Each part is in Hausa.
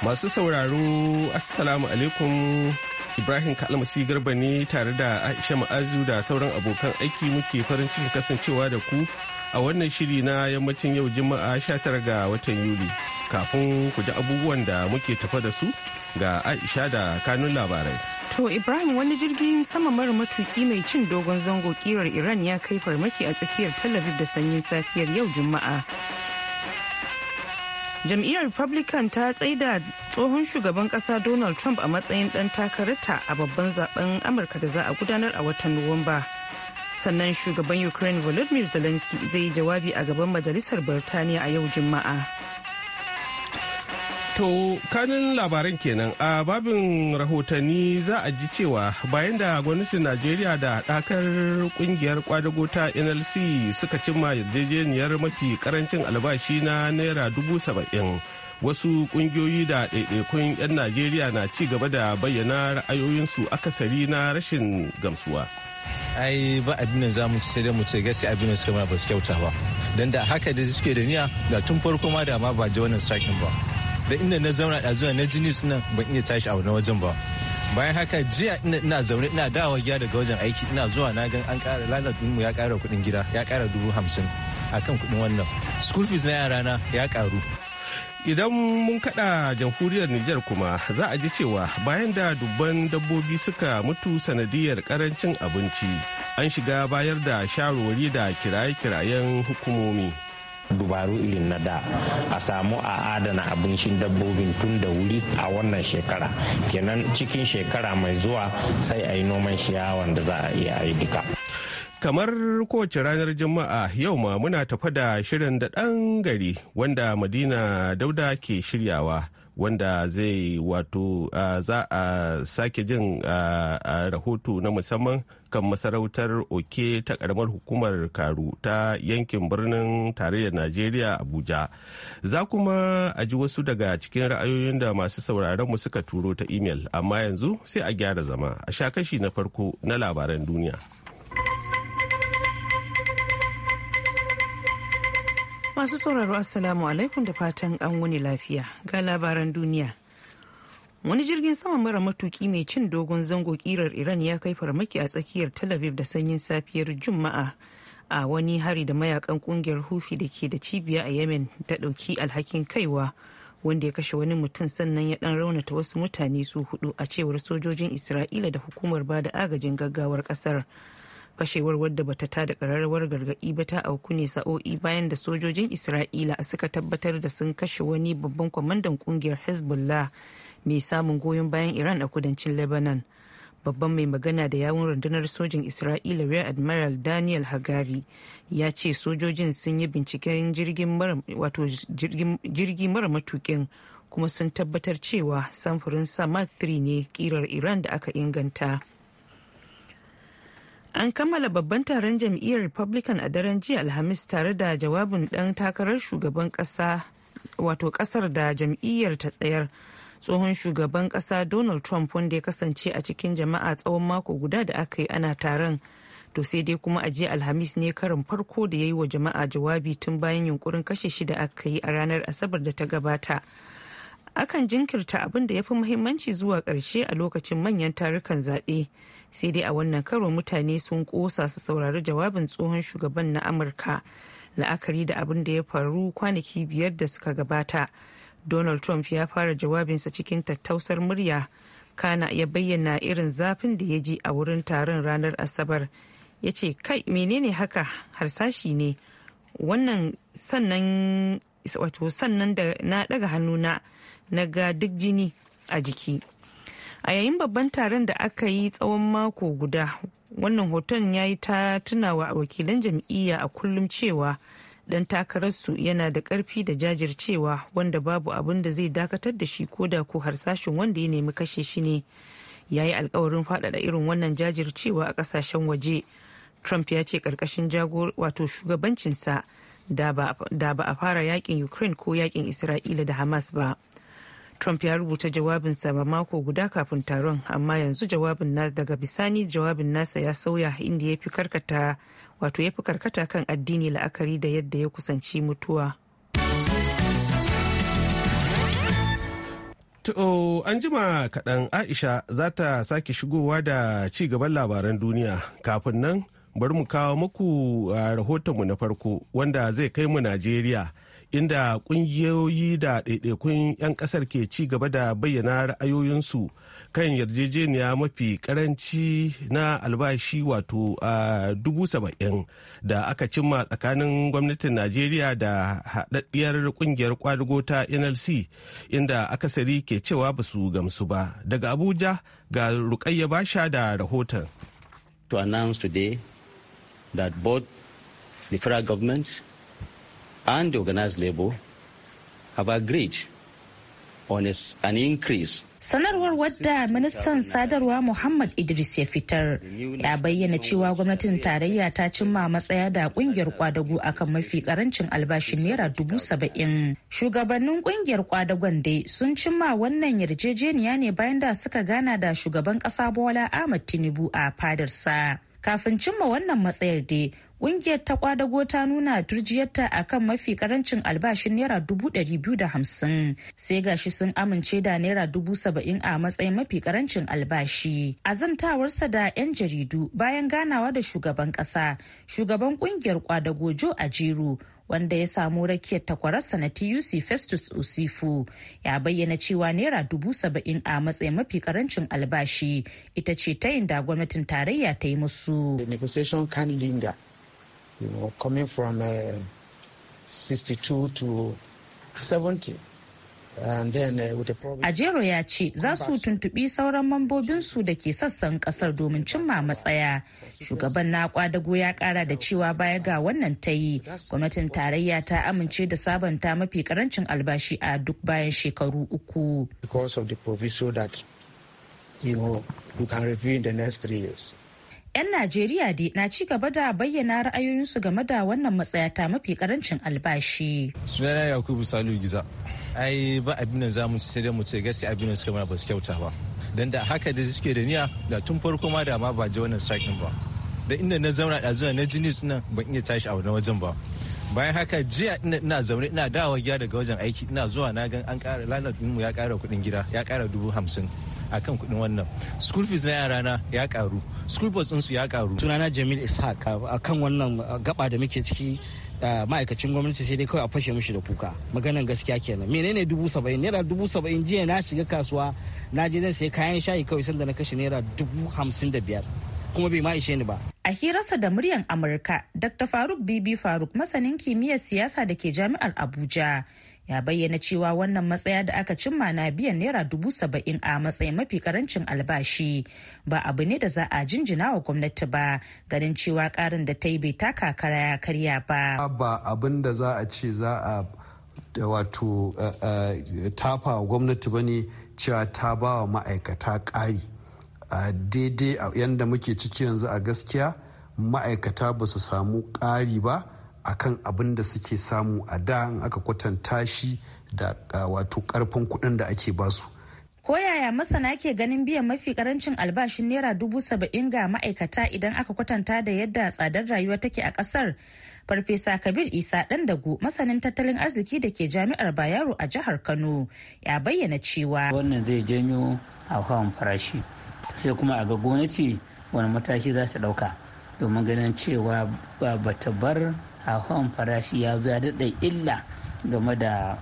Masu sauraro Assalamu alaikum Ibrahim Kalmasi Garba ne tare da Aisha Ma'azu da sauran abokan aiki muke farin cikin kasancewa da ku a wannan shiri na yammacin yau Juma'a 19 ga watan Yuli. Kafin ku ji abubuwan da muke tafa da su ga Aisha da kanun labarai. To Ibrahim wani jirgin sama mara matuki mai cin dogon zango kirar Iran ya kai farmaki a tsakiyar Tel da sanyin safiyar yau Juma'a. jam'iyyar republican ta tsaida tsohon shugaban kasa donald trump a matsayin dan takararta a babban zaben amurka da za a gudanar a watan nuwamba sannan shugaban ukraine volodymyr zelensky zai yi jawabi a gaban majalisar birtaniya a yau juma'a To kanin labaran kenan a babin rahotanni za a ji cewa bayan da gwamnatin Najeriya da dakar kungiyar kwadago ta NLC suka cimma yarjejeniyar mafi karancin albashi na naira dubu saba'in. wasu kungiyoyi da ɗaiɗaikun 'yan najeriya na ci gaba da bayyana ra'ayoyinsu akasari na rashin gamsuwa ai ba abin za mu sai dai mu ce gasi abin suka mana ba su kyauta ba don da haka da suke da niyya da tun farko ma da ma ba ji wannan sakin ba da inda na zauna a zuwa na jini suna ban iya tashi a wani wajen ba bayan haka jiya ina zaune ina dawowa gida daga wajen aiki ina zuwa na ga an kara lalat mu ya kara kuɗin gida ya kara dubu hamsin akan kuɗin wannan school fees na yara na ya karu idan mun kada jamhuriyar Nijar kuma za a ji cewa bayan da dubban dabbobi suka mutu sanadiyar karancin abinci an shiga bayar da shawarwari da kiraye-kirayen hukumomi. dubaru irin na da a samu a adana abincin dabbobin tun da wuri a wannan shekara kenan cikin shekara mai zuwa sai a yi noman shiyawan da za a iya a yi duka kamar kowace ranar juma'a yau ma muna tafa da shirin da ɗan gari wanda madina dauda ke shiryawa wanda zai wato za a sake jin rahoto na musamman kan masarautar oke ta karamar hukumar karu ta yankin birnin tarayyar najeriya abuja za kuma a ji wasu daga cikin ra'ayoyin da masu sauraron mu suka turo ta imel amma yanzu sai a gyara zama a sha kashi na farko na labaran duniya. Masu sauraro Assalamu alaikum da fatan an wani lafiya ga labaran duniya. Wani jirgin sama mara matuki mai cin dogon zango kirar Iran ya kai farmaki a tsakiyar Tel Aviv da sanyin safiyar Juma'a a wani hari da mayakan kungiyar Hufi da ke da cibiya a Yemen ta dauki alhakin kaiwa wanda ya kashe wani mutum sannan ya dan raunata wasu mutane su hudu a cewar sojojin Isra'ila da hukumar bada agajin gaggawar kasar. fashewar wadda bata tada kararrawar gargaɗi ba ta auku ne sa'o'i bayan da sojojin isra'ila suka tabbatar da sun kashe wani babban kwamandan kungiyar hezbollah mai samun goyon bayan iran a kudancin lebanon babban mai magana da yawun rundunar sojin isra'ila rear admiral daniel hagari ya ce sojojin sun yi binciken jirgi mara matukin kuma sun tabbatar cewa samfurin sama 3 ne kirar iran da aka inganta An kammala babban taron jam'iyyar Republican a daren jiya Alhamis tare da jawabin ɗan takarar shugaban ƙasa wato ƙasar da jam'iyyar ta tsayar. Tsohon shugaban ƙasa Donald Trump wanda ya kasance a cikin jama'a tsawon mako guda da aka yi ana taron. To sai dai kuma a jiya Alhamis ne karin farko da ya yi wa jama'a jawabi tun bayan yunkurin kashe shi da aka yi a ranar Asabar da ta gabata. akan jinkirta abin da ya fi muhimmanci zuwa ƙarshe a lokacin manyan tarukan zaɓe sai dai a wannan karo mutane sun ƙosa su saurari jawabin tsohon shugaban na amurka la'akari da abin da ya faru kwanaki biyar da suka gabata donald trump ya fara jawabinsa cikin tattausar murya kana ya bayyana irin zafin da ya ji a wurin taron ranar asabar ya ce kai menene haka harsashi ne wannan sannan wato sannan da na daga hannuna na ga duk jini a jiki a yayin babban taron da aka yi tsawon mako guda wannan hoton ya yi ta tunawa a wakilan jam'iyya a kullum cewa dan takararsu yana da karfi da jajircewa wanda babu abin da zai dakatar da shi ko da ko harsashin wanda ya nemi kashe shi ne ya yi alkawarin faɗaɗa irin wannan jajircewa a ƙasashen waje trump ya ce ƙarƙashin wato shugabancinsa da ba a fara yakin ukraine ko yakin isra'ila da hamas ba trump ya rubuta jawabinsa ba mako guda kafin taron amma yanzu jawabin na daga bisani jawabin nasa ya sauya inda ya fi karkata wato ya fi karkata kan addini la'akari da yadda ya kusanci mutuwa To an jima kaɗan Aisha za ta sake shigowa da ci gaban labaran duniya kafin nan bari mu kawo muku rahotonmu na farko wanda zai kai mu najeriya inda kungiyoyi da ɗaiɗaikun 'yan ƙasar ke ci gaba da bayyana ra'ayoyinsu kan yarjejeniya mafi karanci na albashi wato a dubu saba'in da aka cimma tsakanin gwamnatin najeriya da haɗaɗɗiyar ƙungiyar kwadugo ta nlc inda akasari ke cewa ba su gamsu ba daga abuja ga rukayya basha da rahoton to announce that both the federal government and the organized labor have agreed on a, an increase Sanarwar wadda ministan sadarwa Muhammad Idris ya fitar ya bayyana cewa gwamnatin tarayya ta cimma matsaya da kungiyar kwadago akan mafi karancin albashin naira dubu saba'in. Shugabannin kungiyar kwadagon dai sun cimma wannan yarjejeniya ne bayan da suka gana da shugaban kasa Bola Ahmad Tinubu a fadarsa. kafin cimma wannan matsayar dai ƙungiyar ta kwadago ta nuna turjiyarta a kan mafi karancin albashin naira dubu ɗari biyu da hamsin sai gashi sun amince da naira dubu saba'in a matsayin mafi karancin albashi a zantawarsa da 'yan jaridu bayan ganawa da shugaban kasa shugaban ƙungiyar kwadago jo ajeru wanda ya samu rakiyar takwararsa na tuc festus usifu ya bayyana cewa naira dubu saba'in a matsayin mafi karancin albashi ita ce ta yin da gwamnatin tarayya ta yi musu the negotiation can linger you coming from uh, eh, 62 to 70 Uh, Ajero ya ce za su tuntubi sauran mambobinsu da ke sassan kasar domin cimma matsaya. Shugaban na kwadago ya ƙara da cewa baya ga wannan ta yi, gwamnatin tarayya ta amince da sabanta mafi ƙarancin albashi a duk bayan shekaru uku. Because proviso that you know the next three 'Yan Najeriya dai na ci gaba da bayyana ra'ayoyinsu game da wannan matsayata mafi karancin albashi. Sunana Yakubu Salu Giza. Ai ba abin da za mu ci sai dai mu ce gaskiya abin da suka mana ba su kyauta ba. Dan da haka da suke da niyya da tun farko ma da ma ba je wannan din ba. Da inda na zauna da zuwa na jini suna ban iya tashi a wani wajen ba. Bayan haka jiya ina zaune ina dawowa gida daga wajen aiki ina zuwa na gan an kara lalata mu ya kara kuɗin gida ya kara dubu hamsin. akan kuɗin wannan school fees na yara na ya karu school bus su ya karu sunana jamil ishaq akan wannan uh, gaba da muke ciki uh, ma'aikacin gwamnati sai dai kawai a fashe mushi da kuka maganan gaskiya kenan menene dubu saba'in naira dubu saba'in jiya na shiga kasuwa na je zan sayi kayan shayi kawai sanda na kashe naira dubu hamsin da biyar kuma bai ma ishe ni ba a hirarsa da muryan amurka dr faruk bibi faruk masanin kimiyyar siyasa da ke jami'ar abuja ya bayyana cewa wannan matsaya da aka cimma na biyan naira dubu saba'in a matsayin mafi karancin albashi ba abu ne da za a jinjina wa gwamnati ba ganin cewa karin da ta yi bai taka kara ya karya ba ba abin da za a ce za a wato eh, eh, tafa gwamnati ba ne cewa ta ba wa ma'aikata ƙari daidai yanda muke ciki yanzu a gaskiya ma'aikata ba su samu ƙari ba akan abin da suke samu a da in aka kwatanta shi da wato karfin kuɗin da ake basu. Ko yaya masana ke ganin biyan mafi karancin albashin naira dubu saba'in ga ma'aikata idan aka kwatanta da yadda tsadar rayuwa take a ƙasar? Farfesa Kabir Isa ɗan dago masanin tattalin arziki da ke jami'ar Bayero a jihar Kano ya bayyana cewa. Wannan zai janyo hauhawan farashi sai kuma a ga gwamnati wani mataki za su ɗauka. domin ganin cewa ba ta bar hawan farashi ya zo daɗa illa game da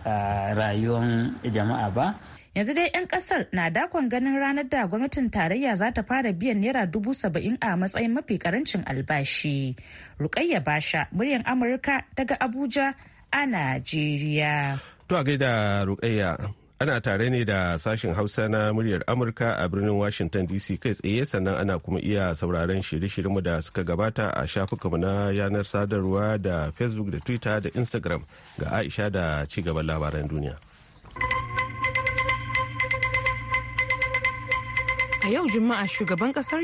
rayuwar jama'a ba yanzu dai 'yan kasar na dakon ganin ranar da gwamnatin tarayya za ta fara biyan naira dubu saba'in a matsayin mafi karancin albashi rukayya basha muryar amurka daga abuja a najeriya to a gaida rukayya ana tare ne da sashen hausa na muryar amurka a birnin washington dc kai tsaye sannan ana kuma iya sauraron shirye-shiryenmu da suka gabata a shafukanmu na yanar sadarwa da facebook da twitter da instagram ga aisha da cigaban labaran duniya a yau juma'a shugaban kasar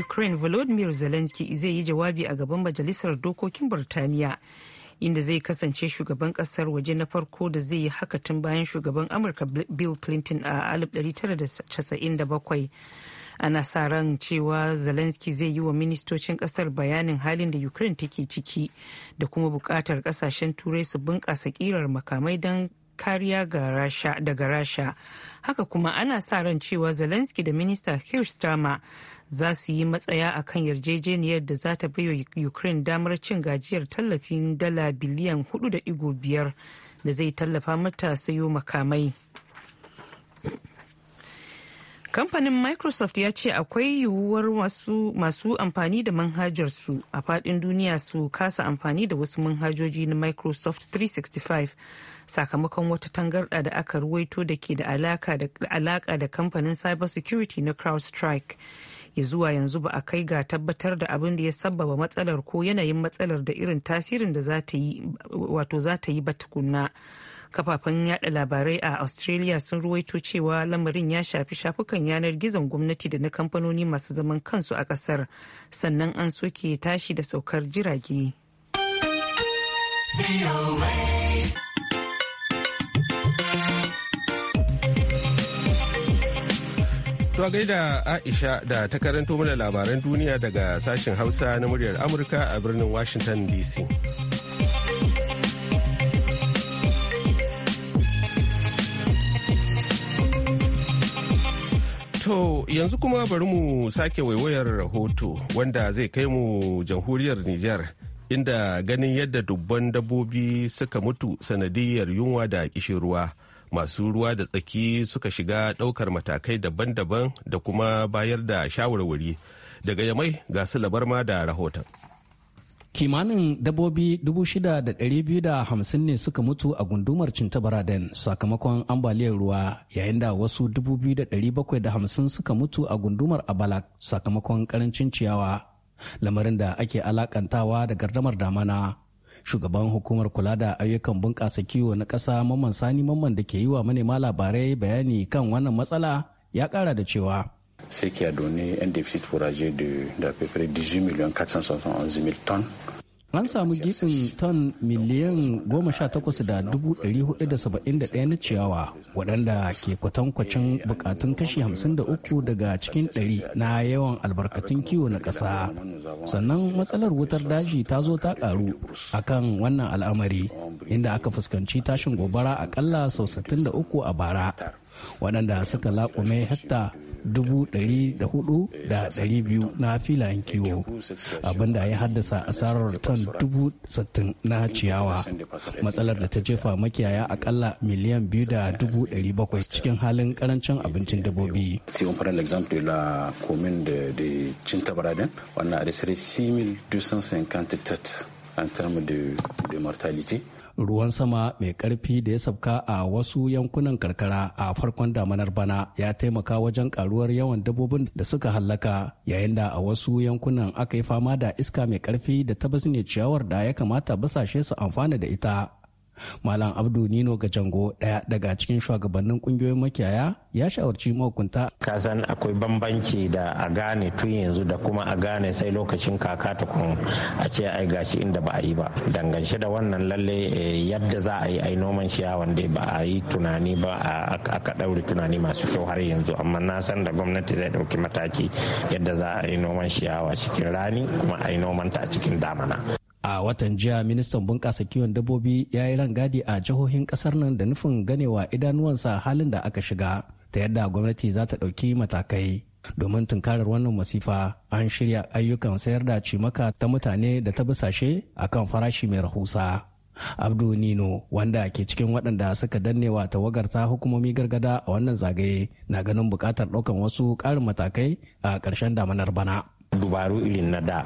ukraine volodymyr zelensky zai yi jawabi a gaban majalisar dokokin burtaniya inda zai kasance shugaban kasar waje na farko da zai yi haka tun bayan shugaban amurka bill clinton a 1997 ana sa ran cewa zelensky zai yi wa ministocin kasar bayanin halin da ukraine take ciki da kuma bukatar kasashen turai su bunkasa kirar makamai don kariya daga rasha haka kuma ana sa ran cewa zelensky da minista keir za su yi matsaya a kan yarjejeniyar da za ta baiwa ukraine damar cin gajiyar tallafin dala biliyan 4.5 da zai tallafa mata sayo makamai kamfanin microsoft ya ce akwai yiwuwar masu amfani da manhajarsu a fadin duniya su kasa amfani da wasu manhajoji na microsoft 365 sakamakon wata tangarɗa da aka ruwaito da ke da alaka da kamfanin cybersecurity na crowdstrike ya zuwa yanzu ba a kai ga tabbatar da abin da ya sabbaba matsalar ko yanayin matsalar da irin tasirin da za ta yi ba tukunna. kafafen yada labarai a australia sun ruwaito cewa lamarin ya shafi shafukan yanar gizon gwamnati da na kamfanoni masu zaman kansu a kasar sannan an soke tashi da saukar jirage To gaida Aisha da ta karanto mana labaran duniya daga sashen Hausa na muryar Amurka a birnin Washington DC. To yanzu kuma bari mu sake waiwayar rahoto wanda zai kai mu jamhuriyar Nijar inda ganin yadda dubban dabbobi suka mutu sanadiyar yunwa da kishirwa masu ruwa da tsaki suka shiga ɗaukar matakai daban-daban da kuma bayar da shawarwari daga yamai ga su labar ma da rahoton. kimanin dabobi 6,250 ne suka mutu a gundumar cintabaraden sakamakon ambaliyar ruwa yayin da wasu 2,750 suka mutu a gundumar abalak sakamakon karancin ciyawa lamarin da ake alakantawa da gardamar damana shugaban hukumar kula da ayyukan bunƙasa kiwo na ƙasa mamman sani mamman da ke yi wa manema labarai bayani kan wannan matsala ya ƙara da cewa Ce qui a donné un déficit fourrager d'à peu près 18 millions 471 000 tonnes. An samu gifin ton miliyan goma sha takwas da da da dubu ɗari hudu saba'in ɗaya na ciyawa waɗanda ke kwatankwacin bukatun kashi hamsin da uku daga cikin ɗari na yawan albarkatun kiwo na ƙasa. Sannan matsalar wutar daji ta zo ta ƙaru a kan wannan al'amari inda aka fuskanci tashin gobara aƙalla sau 63 a bara waɗanda suka laƙume hekta 4,200 na filayen kiwo abinda ya haddasa asarar ton 60,000 na ciyawa matsalar da ta jefa makiyaya akalla miliyan 2,700 cikin halin karancin abincin dabbobi. Si a adressé en termes de, de mortalité. ruwan sama mai karfi da ya sabka a wasu yankunan karkara a farkon damanar bana ya taimaka wajen karuwar yawan dabbobin da suka hallaka yayin da a wasu yankunan aka yi fama da iska mai karfi da ta ciyawar da ya kamata basashe su amfana da ita Malam Abdu Nino ga Gajango daya daga cikin shugabannin kungiyoyin makiyaya ya shawarci mahukunta. san akwai bambanci da a gane tun yanzu da kuma a gane sai lokacin kaka ta kun a ce ai gashi inda ba a yi ba. Dangance da wannan lalle eh, yadda za a yi ai noman ciyawan dai ba a yi tunani ba aka ɗaure tunani masu kyau har yanzu amma na san da gwamnati zai ɗauki mataki yadda za a yi noman ciyawa cikin rani kuma a yi noman ta a cikin damana. a watan jiya ministan bunƙasa kiwon dabbobi ya yi rangadi a jihohin ƙasar nan da nufin ganewa idanuwansa halin da aka shiga ta yadda gwamnati za ta ɗauki matakai domin tunkarar wannan masifa an shirya ayyukan sayar da cimaka ta mutane da ta bisashe a kan farashi mai rahusa abdu nino wanda ke cikin waɗanda suka danne wa tawagar ta hukumomi gargada a wannan zagaye na ganin buƙatar ɗaukan wasu ƙarin matakai a ƙarshen damanar bana dubaru irin na da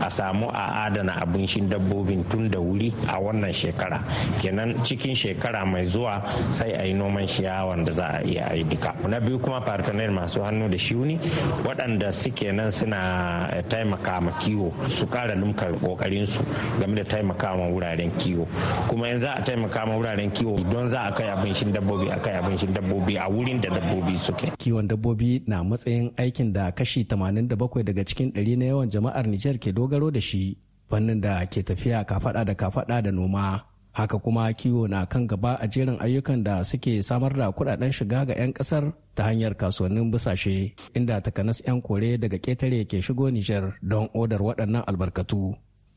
a samu a adana abincin dabbobin tun da wuri a wannan shekara kenan cikin shekara mai zuwa sai a yi noman shi da za a iya a duka na biyu kuma partner masu hannu da shiuni waɗanda suke nan suna eh, taimaka ma kiwo su kara lumkar kokarin su game da taimaka ma wuraren kiwo kuma in za a taimaka ma wuraren kiwo don za a kai abincin dabbobi a kai abincin dabbobi a wurin da dabbobi suke kiwon dabbobi na matsayin aikin da kashi 87 daga cikin cikin ɗari na yawan jama'ar Nijar ke dogaro da shi, fannin da ke tafiya kafaɗa da kafaɗa da noma. Haka kuma kiwo na kan gaba a jerin ayyukan da suke samar da kuɗaɗen shiga ga 'yan kasar ta hanyar kasuwannin busashe, inda takanas 'yan kore daga ketare ke shigo Nijar don odar waɗannan albarkatu.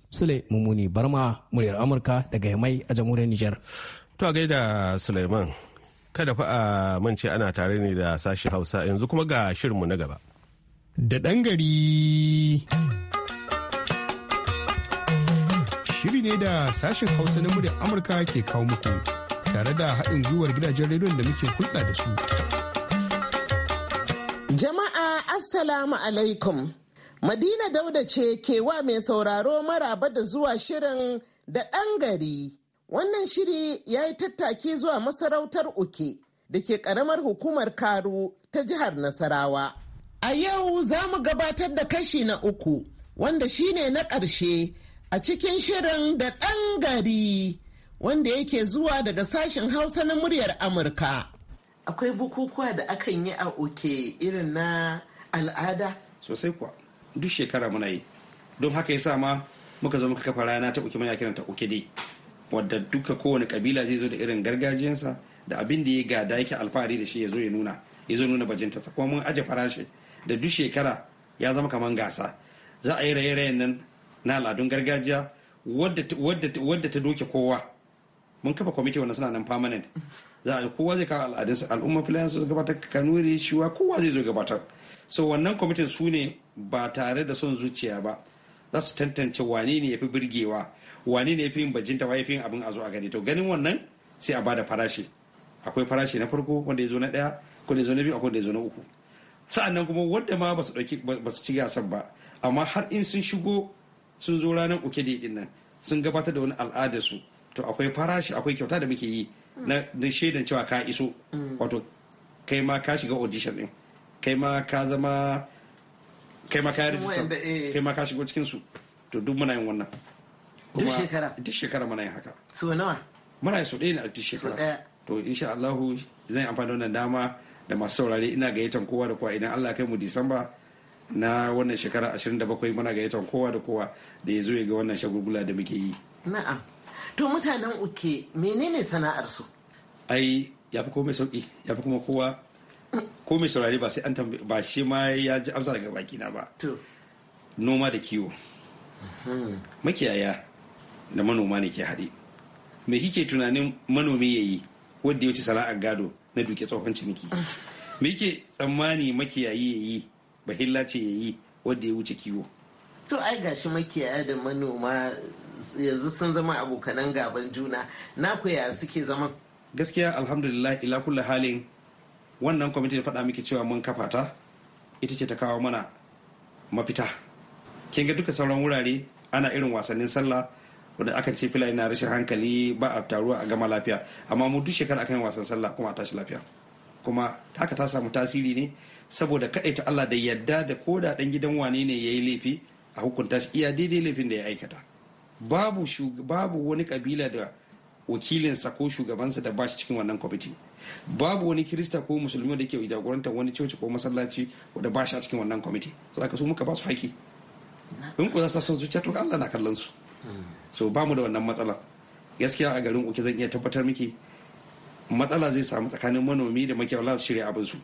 Sule Mumuni Barma, muryar Amurka daga Yamai a jamhuriyar Nijar. To a gaida Suleiman, kada fa a mance ana tare ne da sashen Hausa yanzu kuma ga shirinmu na gaba. da ɗan gari. Shiri ne da sashen Hausa na muryar Amurka ke kawo muku tare da haɗin gwiwar gidajen rediyon da muke hulɗa da su. Jama'a Assalamu alaikum. Madina Dauda ce kewa mai sauraro maraba da zuwa shirin da ɗan gari. Wannan shiri ya yi tattaki zuwa masarautar Uke da ke ƙaramar hukumar Karu ta jihar Nasarawa. A yau za mu gabatar da kashi na uku, wanda shine na ƙarshe a cikin shirin da ɗan gari, wanda yake zuwa daga sashen Hausa na muryar Amurka. Akwai bukukuwa da akan yi a oke irin na al'ada? Sosai kuwa, duk shekara muna yi. Don haka ya sa muka zo muka kafa rana ta uke muna ta uke dai. wadda duka kowane kabila zai zo da irin gargajiyansa da abin da ya gada yake alfahari da shi ya zo ya nuna ya zo nuna bajinta ta kuma mun aje farashi da duk shekara ya zama kamar gasa za a yi raye-rayen nan na al'adun gargajiya wadda ta doke kowa mun kafa kwamiti wanda suna nan permanent za a kowa zai kawo al'adunsa al'umma filayen su gabatar kanuri shiwa kowa zai zo gabatar so wannan kwamitin su ne ba tare da son zuciya ba za su tantance wane ne ya fi birgewa wane ne ya fi yin bajinta wa ya fi yin abin a zo a gani to ganin wannan sai a bada farashi akwai farashi na farko wanda ya zo na ɗaya ko da ya zo na biyu akwai da ya zo na uku sa'annan kuma wadda ma ba su ba su ci gasar ba amma har in sun shigo sun zo ranar da din nan sun gabatar da wani al'ada su to akwai farashi akwai kyauta da muke yi na shaidan cewa ka iso wato kai ma ka shiga audition din kai ma ka zama kai ma ka yi rijistar eh. kai ma ka shigo cikin su to duk muna yin wannan duk shekara duk shekara muna yin haka so nawa muna yin so ɗaya ne a duk shekara to insha Allah zan amfani da wannan dama da masu saurare ina gayyatan kowa da kowa idan Allah kai mu Disamba na wannan shekara 27 muna gayyatan kowa da kowa da ya zo ya ga wannan shagulgula da muke yi. Na'am. To mutanen uke menene sana'ar su? Ai ya fi komai sauki ya fi kuma kowa ko mai saurare ba sai an tambaye ba shi ma ya ji amsa daga baki na ba. Noma da kiwo. Hmm. Makiyaya da manoma ne ke haɗe. Me kike tunanin manomi ya yi wanda ya ci sana'ar gado na duke tsohon ciniki me yake tsammani makiyayi ya yi bahilla ce ya yi wanda ya wuce kiwo to ai gashi makiyaya da manoma yanzu sun zama abokanan gaban juna na koya suke zama gaskiya alhamdulillah ila kulli halin wannan kwamiti da faɗa miki cewa mun kafa ta ita ce ta kawo mana mafita kin ga duka sauran wurare ana irin wasannin sallah wanda akan ce filaye na rashin hankali ba a taruwa a gama lafiya amma mu duk shekara akan wasan sallah kuma a tashi lafiya kuma haka ta samu tasiri ne saboda kaɗaita Allah da yadda da ko da ɗan gidan wane ne ya yi laifi a hukunta shi iya daidai laifin da ya aikata babu babu wani kabila da wakilinsa ko shugabansa da bashi cikin wannan kwamiti babu wani kirista ko musulmi da ke jagorantar wani coci ko masallaci da bashi a cikin wannan kwamiti saboda su muka ba su haƙi in ku za su san zuciya to Allah na kallon su so ba mu da wannan matsala gaskiya a garin uke zan iya tabbatar miki matsala zai samu tsakanin manomi da makiyaya su shirya abin su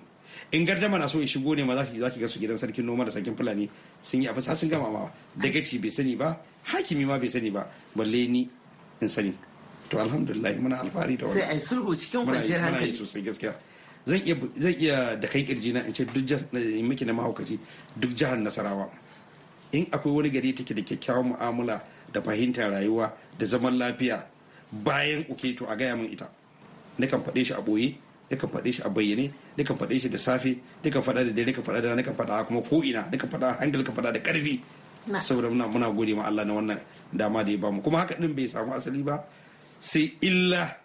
in gardama na so ya shigo ne ma za ki ga su gidan sarkin noma da sarkin fulani sun yi abin sun gama ma dagaci bai sani ba hakimi ma bai sani ba balle ni in sani to alhamdulillah muna alfahari da wani sai ai sulhu cikin kwanciyar hankali sosai gaskiya zan iya da kai kirji na in ce duk miki na mahaukaci duk jihar nasarawa in akwai wani gari take da kyakkyawan mu'amala da fahimtar rayuwa da zaman lafiya bayan uke to a gaya min ita kan faɗe shi a ɓoye kan faɗe shi a bayyane kan faɗe shi da safe kan faɗa da dare kan faɗa da ne kan faɗa kuma ko ina kan faɗa hankali kan faɗa da ƙarfi saboda muna muna gode ma Allah na wannan dama da ya bamu kuma haka din bai samu asali ba sai illa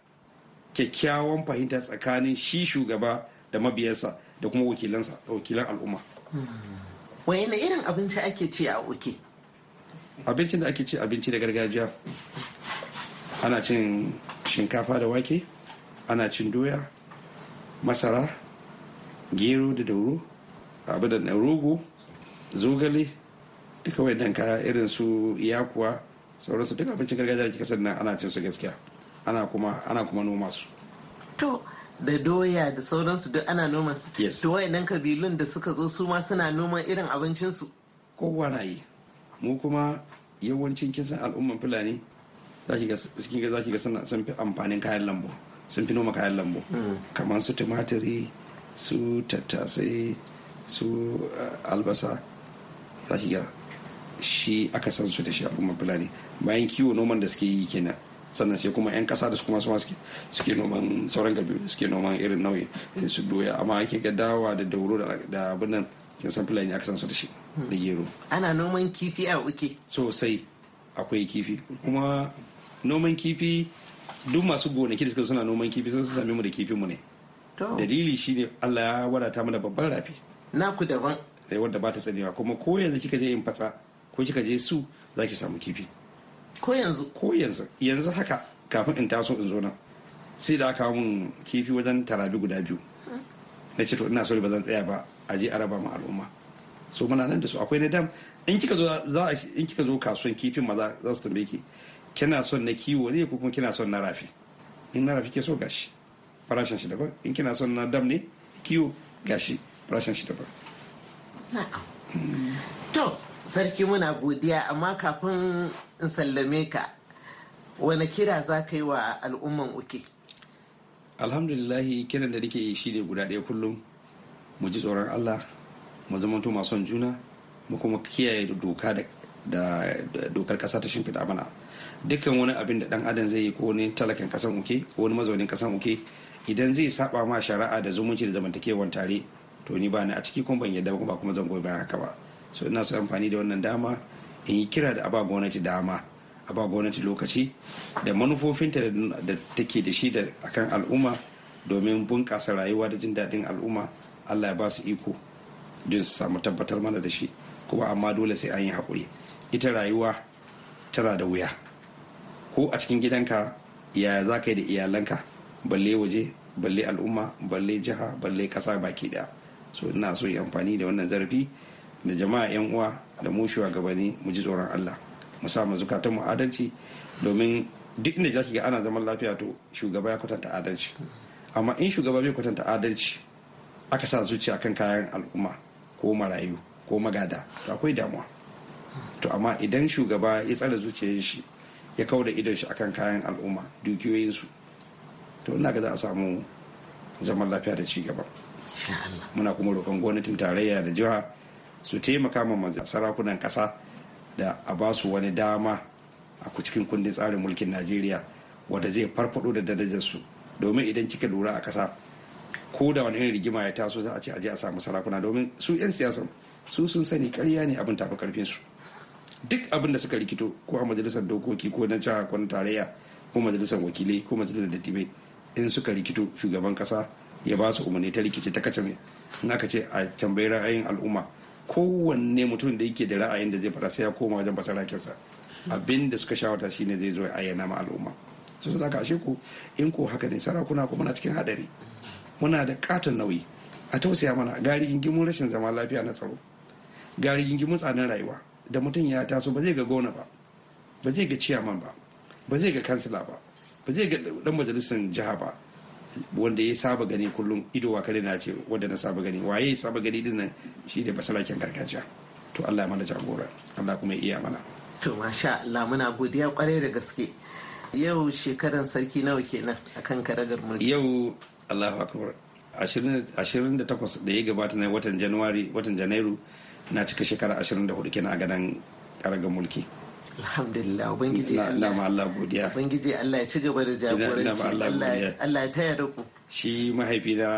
kyakkyawan fahimta tsakanin shi shugaba da mabiyansa da kuma wakilansa wakilan al'umma hmm. wayanne irin abinci ake ci a oke abincin da ake ci abinci da gargajiya ana cin shinkafa da wake ana cin doya masara gero da dauro abu da rogo zogale duka wayannan kaya irin su iyakuwa sauransu duka abincin gargajiya da kika sannan ana cin su gaskiya ana kuma ana noma su da doya da sauransu duk ana noma su to wayannan kabilun da suka zo su ma suna noman irin abincin su kowa na yi mu kuma yawancin kisan al'umman fulani za ki ga sun fi amfanin kayan lambu sun fi noma kayan lambu hmm. kamar su tumatiri su tattasai su eh, albasa za ki ga shi aka san su da shi al'umman fulani bayan kiwo noman da suke yi kenan sannan sai kuma 'yan kasa da su kuma su masu suke noman sauran kabilu suke noman irin nau'in su doya amma ake ga dawa da dauro da abin nan kin san fulani aka san su da shi da gero ana noman kifi a uke sosai akwai kifi kuma noman kifi duk masu gonaki da suka suna noman kifi sun sami mu da kifin mu ne dalili shine Allah ya wadata mu da babban rafi ku daban eh, wadda ba ta tsanewa kuma ko yanzu kika je in fatsa ko kika je su zaki samu kifi ko yanzu ko yanzu yanzu haka kafin in taso in zo nan sai da aka mun kifi wajen tarabi guda biyu na ce to ina so ba zan tsaya ba a je araba ma al'umma so muna nan da su akwai na dam in kika zo za in kika zo kasuwan kifin maza za su tambaye ki kina son na kiwo ne ko kuma kina son na rafi in na rafi ke so gashi farashin shi daban in kina son na dam ne kiwo gashi farashin shi daban to sarki muna godiya amma kafin in sallame ka wani kira za ka yi wa al'umman uke Alhamdulillah kiran da nake shi ne guda ɗaya kullum mu ji tsoron allah mu zamanto masu juna mu kuma kiyaye doka da dokar kasa ta shimfiɗa mana dukkan wani abin da dan adam zai yi ko wani talakan kasan uke ko wani mazaunin kasan uke idan zai saba ma shari'a da zumunci da zamantakewan tare to ni ba ni a ciki kuma ban yadda ba kuma zan goyi bayan haka ba so ina so amfani da wannan dama in yi kira da aba gwamnati dama aba gwamnati lokaci da manufofinta da take da shi da akan al'umma domin bunƙasa rayuwa da jin daɗin al'umma allah ya ba su iko don su samu tabbatar mana da shi kuma amma dole sai an yi haƙuri ita rayuwa tana da wuya ko a cikin gidanka yaya za ka yi da iyalanka balle waje balle al'umma balle jiha balle ƙasa baki ɗaya so ina so yi amfani da wannan zarafi da jama'a 'yan uwa da mu shugabanni mu ji tsoron Allah mu sa mu zukatan mu adalci domin duk inda zaki ga ana zaman lafiya to shugaba ya kwatanta adalci amma in shugaba bai kwatanta adalci aka sa zuciya kan kayan al'umma ko marayu ko magada to akwai damuwa to amma idan shugaba ya tsara zuciyar shi ya kau da idon shi akan kayan al'umma dukiyoyinsu to ina ga za a samu zaman lafiya da ci gaba muna kuma roƙon gwamnatin tarayya da jiha su taimaka ma sarakunan kasa da a ba su wani dama a cikin kundin tsarin mulkin najeriya wanda zai farfado da darajarsu domin idan kika lura a kasa ko da wani irin rigima ya taso za a ce a je a samu sarakuna domin su 'yan siyasa su sun sani karya ne abin tafi karfin su duk abin da suka rikito ko a majalisar dokoki ko na jiha ko tarayya ko majalisar wakilai ko majalisar dattibai in suka rikito shugaban kasa ya ba su umarni ta rikici ta kace in aka ce a tambayi ra'ayin al'umma kowanne mutum da yake da ra'ayin da zai fara sai ya koma wajen basarakinsa abin da suka shawata shine zai zo ayyana ma al'umma su aka ashe ku in ko haka ne sarakuna kuma na cikin hadari muna da katon nauyi a tausaya mana gari rigingimun rashin zama lafiya na tsaro gari rigingimun tsanin rayuwa da mutum ya taso ba zai ga gona ba ba zai ga ciyaman ba ba zai ga kansila ba ba zai ga dan majalisar jiha ba wanda ya saba gani kullum ido wa kare na ce wanda na saba gani waye ya saba gani dinnan shi da basalakin gargajiya to Allah ya mana jagora Allah kuma ya iya mana to masha Allah muna godiya kwarai da gaske yau shekaran sarki nawa kenan akan karagar mulki yau Allahu akbar 28 da ya gabata na watan Januari watan Janairu na cika shekara 24 kenan a gadan karagar mulki alhamdulillah ubangiji Allah ma Allah godiya ubangiji Allah ya ci gaba da jagoranci Allah ya taya da ku shi mahaifina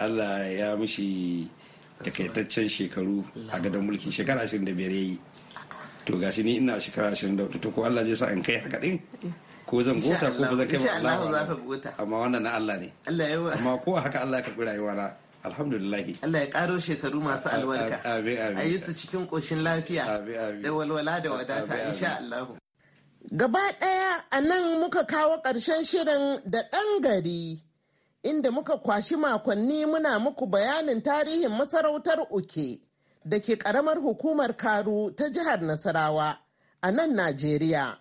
Allah ya mishi takaitaccen shekaru a gadon mulki shekara da 25 yayi to ga shi ni ina shekara da to ko Allah zai sa in kai haka din ko zan gota ko ba zan kai ba Allah amma wannan na Allah ne amma ko haka Allah ya karɓi rayuwa na alhamdulillahi Allah ya karo shekaru masu alwarka a yi su cikin ƙoshin lafiya da walwala da wadata insha Allah gaba ɗaya a nan muka kawo ƙarshen shirin da ɗan gari inda muka kwashi makonni muna muku bayanin tarihin masarautar uke da ke ƙaramar hukumar karu ta jihar nasarawa a nan najeriya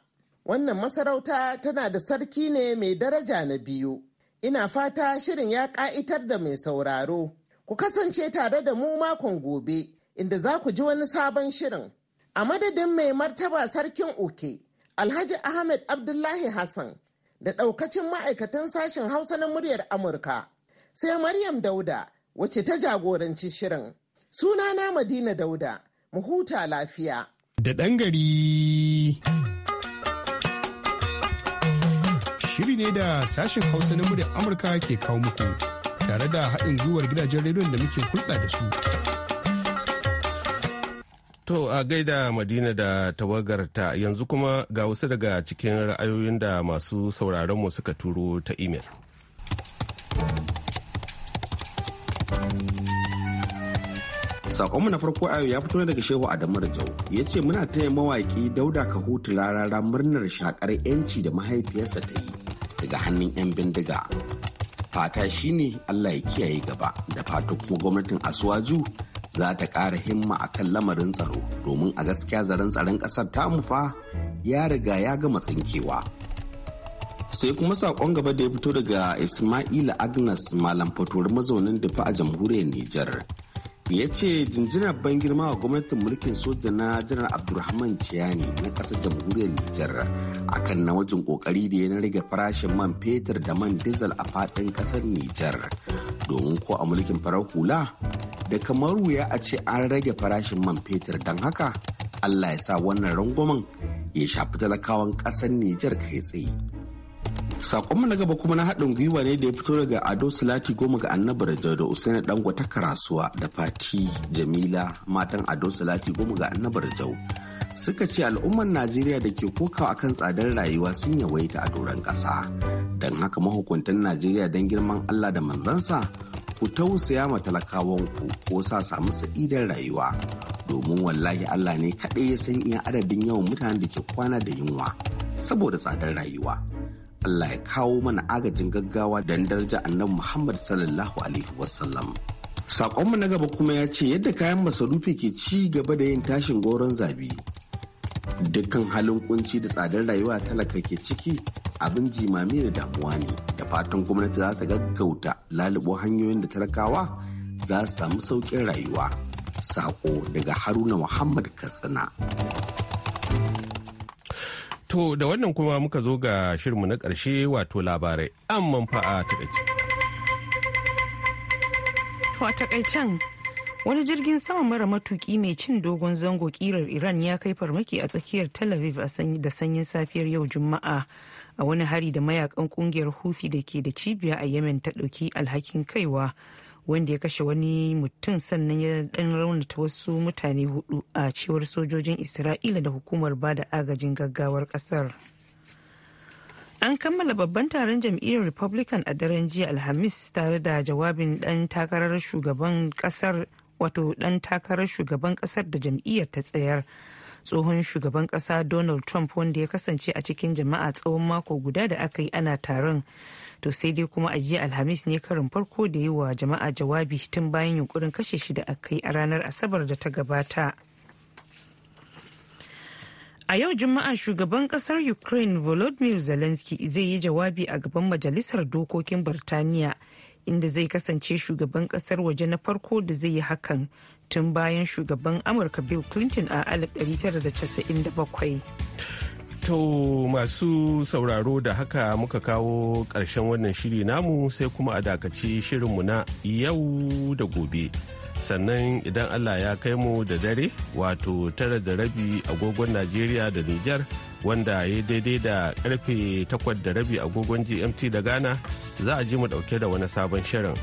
wannan masarauta tana da sarki ne mai daraja na biyu Ina fata shirin ya ƙa'itar da mai sauraro. Ku kasance tare da mu makon gobe, inda za ku ji wani sabon shirin. A madadin mai martaba sarkin Oke, Alhaji Ahmed Abdullahi Hassan, da ɗaukacin ma'aikatan sashen Hausa na muryar Amurka, sai Maryam Dauda, wacce ta jagoranci shirin. Sunana Madina Dauda, mu huta lafiya. Da ɗan gari. Shiri ne da sashen Hausa na muryar Amurka ke kawo muku tare da haɗin gwiwar gidajen rediyon da muke hulɗa da su. To a gaida Madina da tawagarta yanzu kuma ga wasu daga cikin ra'ayoyin da masu sauraronmu suka turo ta imel. Sakonmu na farko ayo ya fito daga Shehu Adamu jau ya ce muna taya mawaƙi Dauda Kahutu rarara murnar shakar 'yanci da mahaifiyarsa ta yi daga hannun 'yan bindiga fata shi ne allah ya kiyaye gaba da fata kuma gwamnatin asuwaju za ta ƙara himma a kan lamarin tsaro domin a gaskiya zaren tsaron ƙasar ta fa ya riga ya gama tsinkewa sai kuma saƙon gaba da ya fito daga ismaila agnes malam fatori mazaunin difa a jamhuriyar nijar ya ce jinjina ban girma a gwamnatin mulkin soja na janar abdulrahman ciyani na ƙasar jamhuriyar nijar akan wajen kokari da ya na rage farashin man fetur da man dizal a faɗin ƙasar nijar domin ko a mulkin farar hula da kamar wuya a ce an rage farashin man fetur don haka allah ya sa wannan rangwamen ya shafi talakawan ƙasar nijar kai tsaye sakonmu na gaba kuma na haɗin gwiwa ne da ya fito daga ado salati goma ga annabar da usaini dango ta karasuwa da fati jamila matan ado salati goma ga annabar jau suka ce al'ummar najeriya da ke kokawa akan tsadar rayuwa sun yawaita a doron ƙasa don haka mahukuntan najeriya don girman allah da manzansa ku tausaya ma talakawan ku ko sa samu sa'idar rayuwa domin wallahi allah ne kaɗai ya san iya adadin yawan mutanen da ke kwana da yunwa saboda tsadar rayuwa Allah ya kawo mana agajin gaggawa da daraja annabi Muhammad sallallahu alaihi wasallam. na gaba kuma ya ce yadda kayan masarufi ke ci gaba da yin tashin goron zabi. Dukkan halin kunci da tsadar rayuwa talaka ke ciki abin jimami da damuwa ne. Da fatan gwamnati za ta gaggauta lalubo hanyoyin da talakawa za su samu sauƙin rayuwa. Saƙo daga Haruna Muhammad Katsina. To da wannan kuma muka zo ga shirinmu na ƙarshe wato labarai amman fa'a ɗaki. To a takaicen wani jirgin sama mara matuƙi mai cin dogon zango ƙirar Iran ya kai farmaki a tsakiyar Tel Aviv da sanyin safiyar yau Juma'a a wani hari da mayakan ƙungiyar Houthi da ke da cibiya a Yemen ta ɗauki alhakin kaiwa. wanda ya kashe wani mutum sannan ya dan raunata wasu mutane hudu a cewar sojojin isra'ila da hukumar bada agajin gaggawar kasar an kammala babban taron jam'iyyar republican a daren jiya alhamis tare da jawabin dan takarar shugaban kasar wato dan takarar shugaban kasar da jam'iyyar ta tsayar tsohon shugaban kasa donald trump wanda ya kasance a cikin jama'a tsawon mako guda da aka yi ana taron to sai dai kuma a alhamis ne karin farko da yi wa jama'a jawabi tun bayan yunkurin kashe shi da aka yi a ranar asabar da ta gabata a yau juma'a shugaban kasar ukraine volodymyr zelensky zai yi jawabi a gaban majalisar dokokin birtaniya inda zai kasance shugaban kasar waje na farko da zai yi hakan tun bayan shugaban amurka bill clinton a 1997 To masu sauraro da haka muka kawo ƙarshen wannan shiri namu sai kuma a dakaci shirinmu na yau da gobe. Sannan idan Allah ya kai mu da dare wato tara da rabi agogon Najeriya da Nijar wanda ya daidai da karfe takwas da rabi agogon GMT da Ghana za a ji mu ɗauke da wani sabon shirin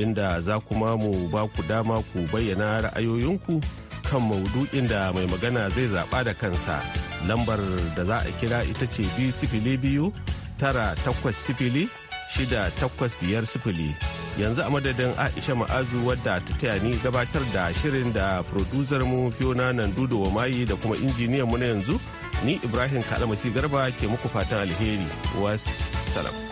inda za kuma mu ba ku dama ku bayyana ra'ayoyinku kan maudu'in da mai magana zai zaɓa da kansa. lambar da za a kira ita ce biyu sifili biyu tara takwas sifili shida takwas biyar sifili yanzu a madadin aisha ma'azu wadda ta taya ni gabatar da shirin da producer mu fiona nan dudu wa mayi da kuma injiniyan mu na yanzu ni ibrahim kalamasi garba ke muku fatan alheri wassalam